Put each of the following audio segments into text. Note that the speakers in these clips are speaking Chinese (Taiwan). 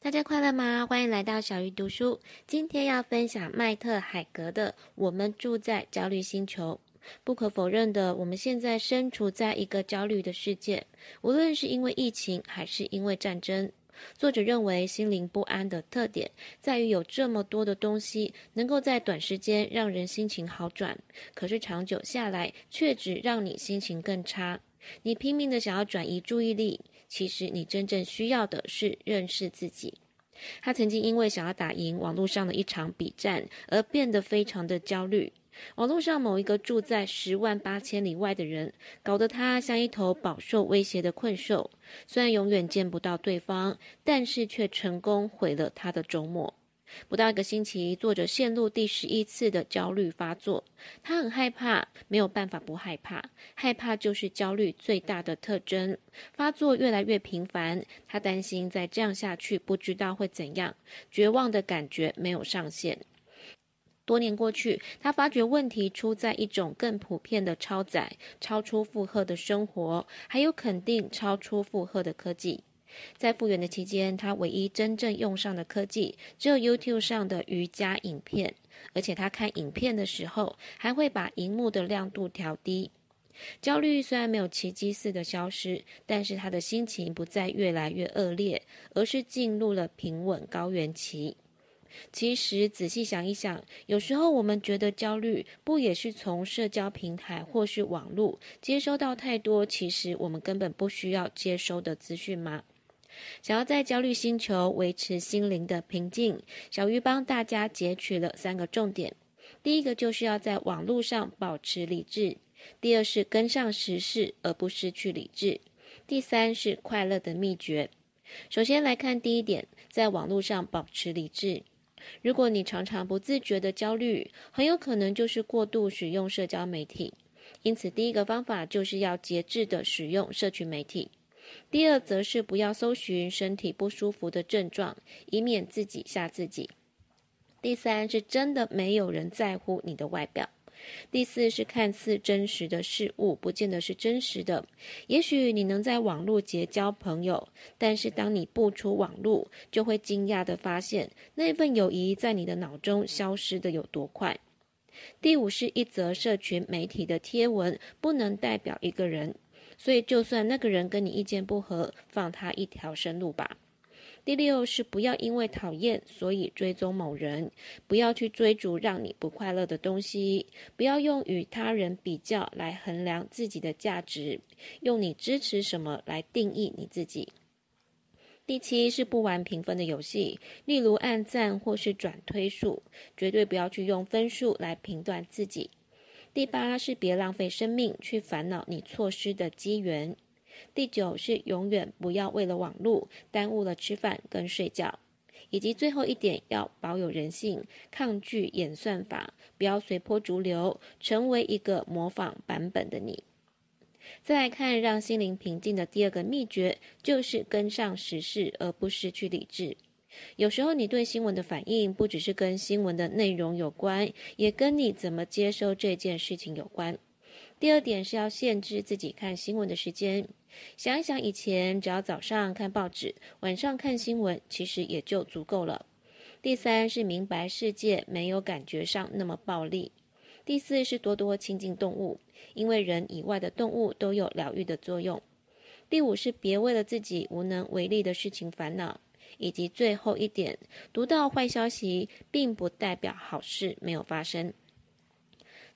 大家快樂嗎？歡迎來到小魚讀書。今天要分享麥特海格的《我們住在焦慮星球》。不可否認的，我們現在身處在一個焦慮的世界，無論是因為疫情還是因為戰爭。作者認為，心靈不安的特點在於有這麼多的東西能夠在短時間讓人心情好轉，可是長久下來卻只讓你心情更差。你拼命的想要轉移注意力。其實你真正需要的是認識自己。他曾經因為想要打贏網絡上的一場筆戰而變得非常的焦慮。網絡上某一個住在十萬八千里外的人，搞得他像一頭飽受威脅的困獸。雖然永遠見不到對方，但是卻成功毀了他的周末。不到一個星期，作者陷入第十一次的焦慮發作。他很害怕，沒有辦法不害怕。害怕就是焦慮最大的特徵。發作越來越頻繁，他擔心再這樣下去，不知道會怎樣。絕望的感覺沒有上限。多年過去，他發覺問題出在一種更普遍的超載、超出負荷的生活，還有肯定超出負荷的科技。在復原的期間，他唯一真正用上的科技只有 YouTube 上的瑜伽影片，而且他看影片的時候還會把熒幕的亮度調低。焦慮雖然沒有奇蹟似的消失，但是他的心情不再越來越惡劣，而是進入了平穩高原期。其實仔細想一想，有時候我們覺得焦慮不也是從社交平台或是網絡接收到太多其實我們根本不需要接收的資訊嗎？想要在焦慮星球維持心靈的平靜，小魚幫大家截取了三個重點。第一個就是要在網絡上保持理智；第二是跟上時事而不失去理智；第三是快樂的秘訣。首先來看第一點，在網絡上保持理智。如果你常常不自覺的焦慮，很有可能就是過度使用社交媒體。因此，第一個方法就是要節制的使用社群媒體。第二則是不要搜尋身體不舒服的症狀，以免自己嚇自己。第三是真的沒有人在乎你的外表。第四是看似真實的事物，不見得是真實的。也許你能在網絡結交朋友，但是當你不出網絡，就會驚訝地發現那份友誼在你的腦中消失得有多快。第五是一則社群媒體的貼文，不能代表一個人。所以，就算那個人跟你意見不合，放他一條生路吧。第六是不要因為討厭所以追蹤某人，不要去追逐讓你不快樂的東西，不要用與他人比較來衡量自己的價值，用你支持什麼來定義你自己。第七是不玩評分的遊戲，例如按讚或是轉推數，絕對不要去用分數來評斷自己。第八是別浪費生命去煩惱你錯失的機緣。第九是永遠不要為了網絡耽誤了吃飯跟睡覺。以及最後一點，要保有人性，抗拒演算法，不要隨波逐流，成為一個模仿版本的你。再來看讓心靈平靜的第二個秘訣，就是跟上時事而不失去理智。有時候你對新聞的反應不只是跟新聞的內容有關，也跟你怎麼接收這件事情有關。第二點是要限制自己看新聞的時間，想一想以前只要早上看報紙，晚上看新聞，其實也就足夠了。第三是明白世界沒有感覺上那麼暴力。第四是多多親近動物，因為人以外的動物都有療癒的作用。第五是別為了自己無能為力的事情煩惱。以及最後一點，讀到壞消息並不代表好事沒有發生。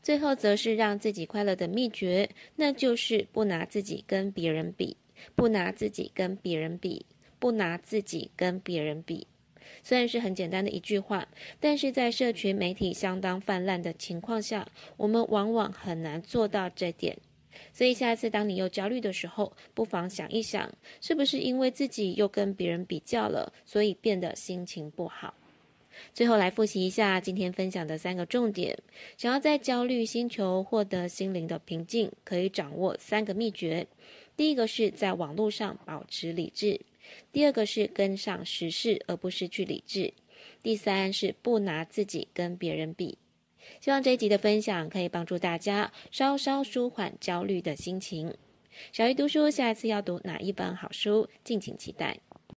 最後，則是讓自己快樂的秘訣，那就是不拿，不拿自己跟別人比，不拿自己跟別人比，不拿自己跟別人比。雖然是很簡單的一句話，但是在社群媒體相當泛濫的情況下，我們往往很難做到這點。所以，下次當你又焦慮的時候，不妨想一想，是不是因為自己又跟別人比較了，所以變得心情不好。最後來複習一下今天分享的三個重點：想要在焦慮星球獲得心靈的平靜，可以掌握三個秘訣。第一個是在網絡上保持理智；第二個是跟上時事而不失去理智；第三是不拿自己跟別人比。希望這一集的分享可以幫助大家稍稍舒緩焦慮的心情。小魚讀書，下一次要讀哪一本好書，敬請期待。